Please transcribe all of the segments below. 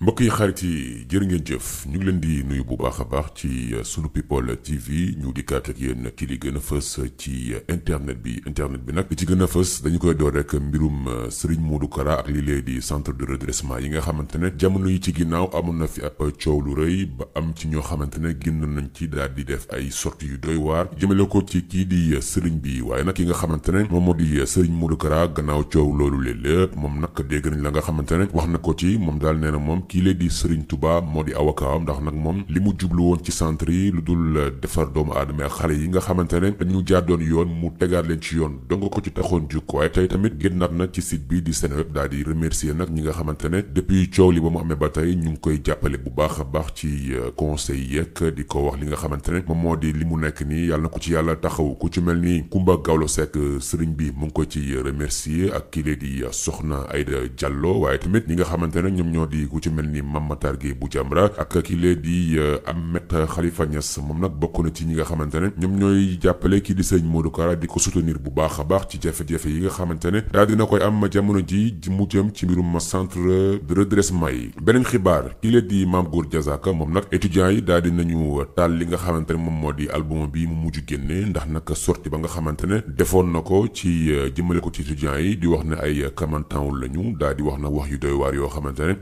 mbokk yi xarit yi jërë ngeen jëf ñu ngi leen di nuyu bu baax a baax ci euh, sunu people TV ñu dikkaat ak yéen ci li gën a fës ci euh, internet bi internet bi nag li ci gën a fës dañu koy door rek mbirum euh, Serigne Modou Kara ak lii lay di centre de redressement yi nga xamante ne jamono yi ci ginnaaw amoon na fi ab coow lu rëy ba am ci ñoo xamante ne génn nañ ci daal def ay sorties yu doy waar jëmale ko ci kii di Serigne bi waaye nag yi nga xamante ne moom moo di Serigne Modou Kara gannaaw coow loolu lépp moom nag dégg nañ la nga xamante ne wax na ko ci moom daal nee na moom kii lee di Serigne Touba moo di avocat am ndax nag moom li mu jublu woon ci centre yi lu dul euh, defar doomu aadama ak xale yi nga xamante ne dañu jàddoon yoon mu tegaat leen ci yoon donc ko ci taxoon jug waaye tey tamit génnaat na ci sit bi di Seneweb daal di remercier nag ñi nga xamante ne depuis coow li ba mu amee ba tey ñu ngi koy jàppale bu baax a baax ci euh, conseil yeeg di ko wax li nga xamante ne moom moo di li mu nekk nii yàlla na ko ci yàlla taxaw ku ci mel ni Kumba Gawlo Seck euh, sëriñ bi mu ngi ko ci remercier ak kii lee soxna Aïda Diallo waaye tamit ñi nga xamante ne ñoom ñoo mel ni Mame Matar Gueye bu Jamra ak ki lee di euh, Ahmed Khalifa Niass moom nag bokk na ci ñi nga xamante ne ñoom ñooy jàppale kii di sëñ Modou Kara di ko soutenir bu baax a baax ci jafe-jafe yi nga xamante ne daal dina koy am jamono ji mu jëm ci mbirum centre de redressement yi beneen xibaar ki lee di Mame Goor Diazaka moom nag étudiants yi daal dinañu taal li nga xamante ne moom moo di album bi mu mujj génne ndax nag sorti ba nga xamante ne defoon na ko ci euh, jëmale ko ci étudiants yi di wax ne ay kamantanwul lañu daal di wax na wax yu yoo xamante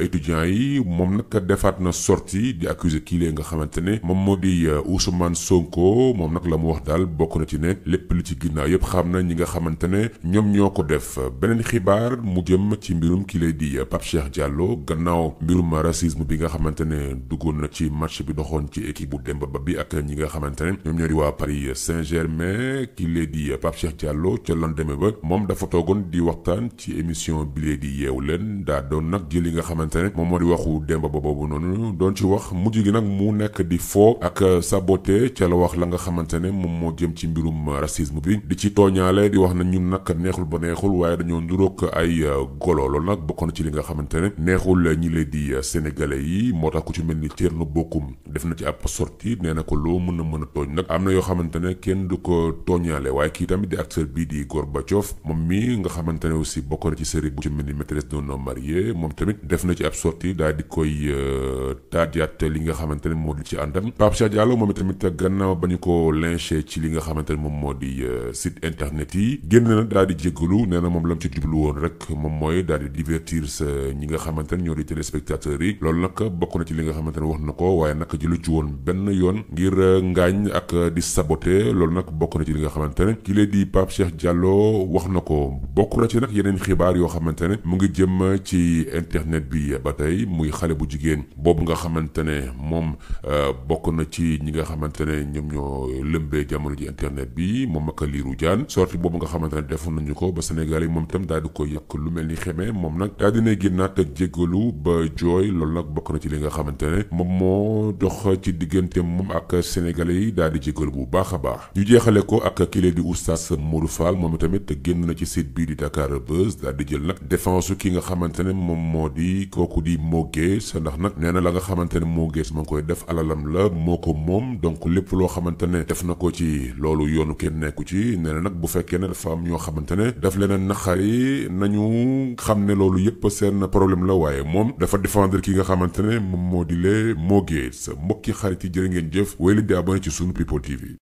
étudiants yi moom nag defaat na sortie di accuser kii lee nga xamante ne moom moo di euh, Ousmane Sonko moom nag la mu wax daal bokk na ci ne lépp lu ci ginnaaw yëpp xam na ñi nga xamante ne ñoom ñoo ko def beneen xibaar mu jëm ci mbirum kii lee di euh, Pape Cheikh Diallo gannaaw mbirum racisme bi nga xamante ne duggoon na ci match bi doxoon ci équipe bu Demba Ba bi ak ñi nga xamante ne ñoom ñoo di waa Paris Saint-Germain kii lee di euh, Pape Cheikh Diallo ca lendemain ba moom dafa toogoon di waxtaan ci émission bi lee di yeewu xamante moom moo di waxu Demba Ba boobu noonu doon ci wax mujj gi nag mu nekk di foo ak saboté ca la wax la nga xamante ne moom moo jëm ci mbirum racisme bi di ci tooñaale di wax na ñun nag neexul ba neexul waaye dañoo nduróog ay euh, golo loolu nag bokkoon na ci li nga xamante ne neexul ñi leen di euh, sénégalais yi moo tax ku ci mel ni Thierno Bocoum def na ci ab sortie nee na ko loo mën a mën a tooñ nag am na yoo xamante ne kenn du ko tooñaale waaye kii tamit di acteur bii di Gorbatchev moom mi nga xamante ne aussi bokk na ci série bu ci mel ni maîtresse d'un moom tamit def na ci ab sortie daal di koy euh, taajaat li nga xamante ne moo di ci àndam Pape Cheikh Diallo moom tamit gannaaw ba ñu ko lynché ci li nga xamante ne moom moo di euh, site internet yi génn na daal di jéggalu nee na moom lam ci jublu woon rek moom mooy daal di divertir sa ñi nga xamante ne ñoo di téléspectateurs yi loolu nag bokk ci li nga xamante ne wax na ko waaye nag jëlu ci woon benn yoon ngir euh, ngaañ ak euh, di saboter loolu nag bokk na ci li nga xamante ne ki lee di Pape Cheikh Diallo wax na ko bokk na ci nag yeneen xibaar yoo xamante ne mu ngi jëm ci internet bi ba tey muy xale bu jigéen boobu nga xamante ne moom euh, bokk na ci ñi nga xamante ne ñoom ñoo lëmbee jamono ji internet bi moom ak Lirou Diane sortie boobu nga xamante ne defoon nañu ko ba Sénégal yi moom itam daal di ko yàq lu mel ni xeme moom nag daal dina génnaat ak jéggalu ba jooy loolu nag bokk na ci li nga xamante ne moom moo dox dox ci diggante moom ak sénégalais yi daal di jégalu bu baax a baax ñu jeexale ko ak kile di oustaz Modou Fall moom tamit génn na ci site bii di Dakar a daal di jël nag défense ki nga xamante ne moom moo di kooku di Mo Gates ndax nag nee na la nga xamante ne Mo Gates ma koy def alalam la moo ko moom donc lépp loo xamante ne def na ko ci loolu yoonu kenn nekku ci nee nag bu fekkee ne dafa am ñoo xamante ne daf leen a naqari nañu xam ne loolu yëpp seen problème la waaye moom dafa défendre ki nga xamante ne moom moo di lee Mo Gates mbokki xarit yi jërë ngeen jëf wéy leen di abonné ci sunu People TV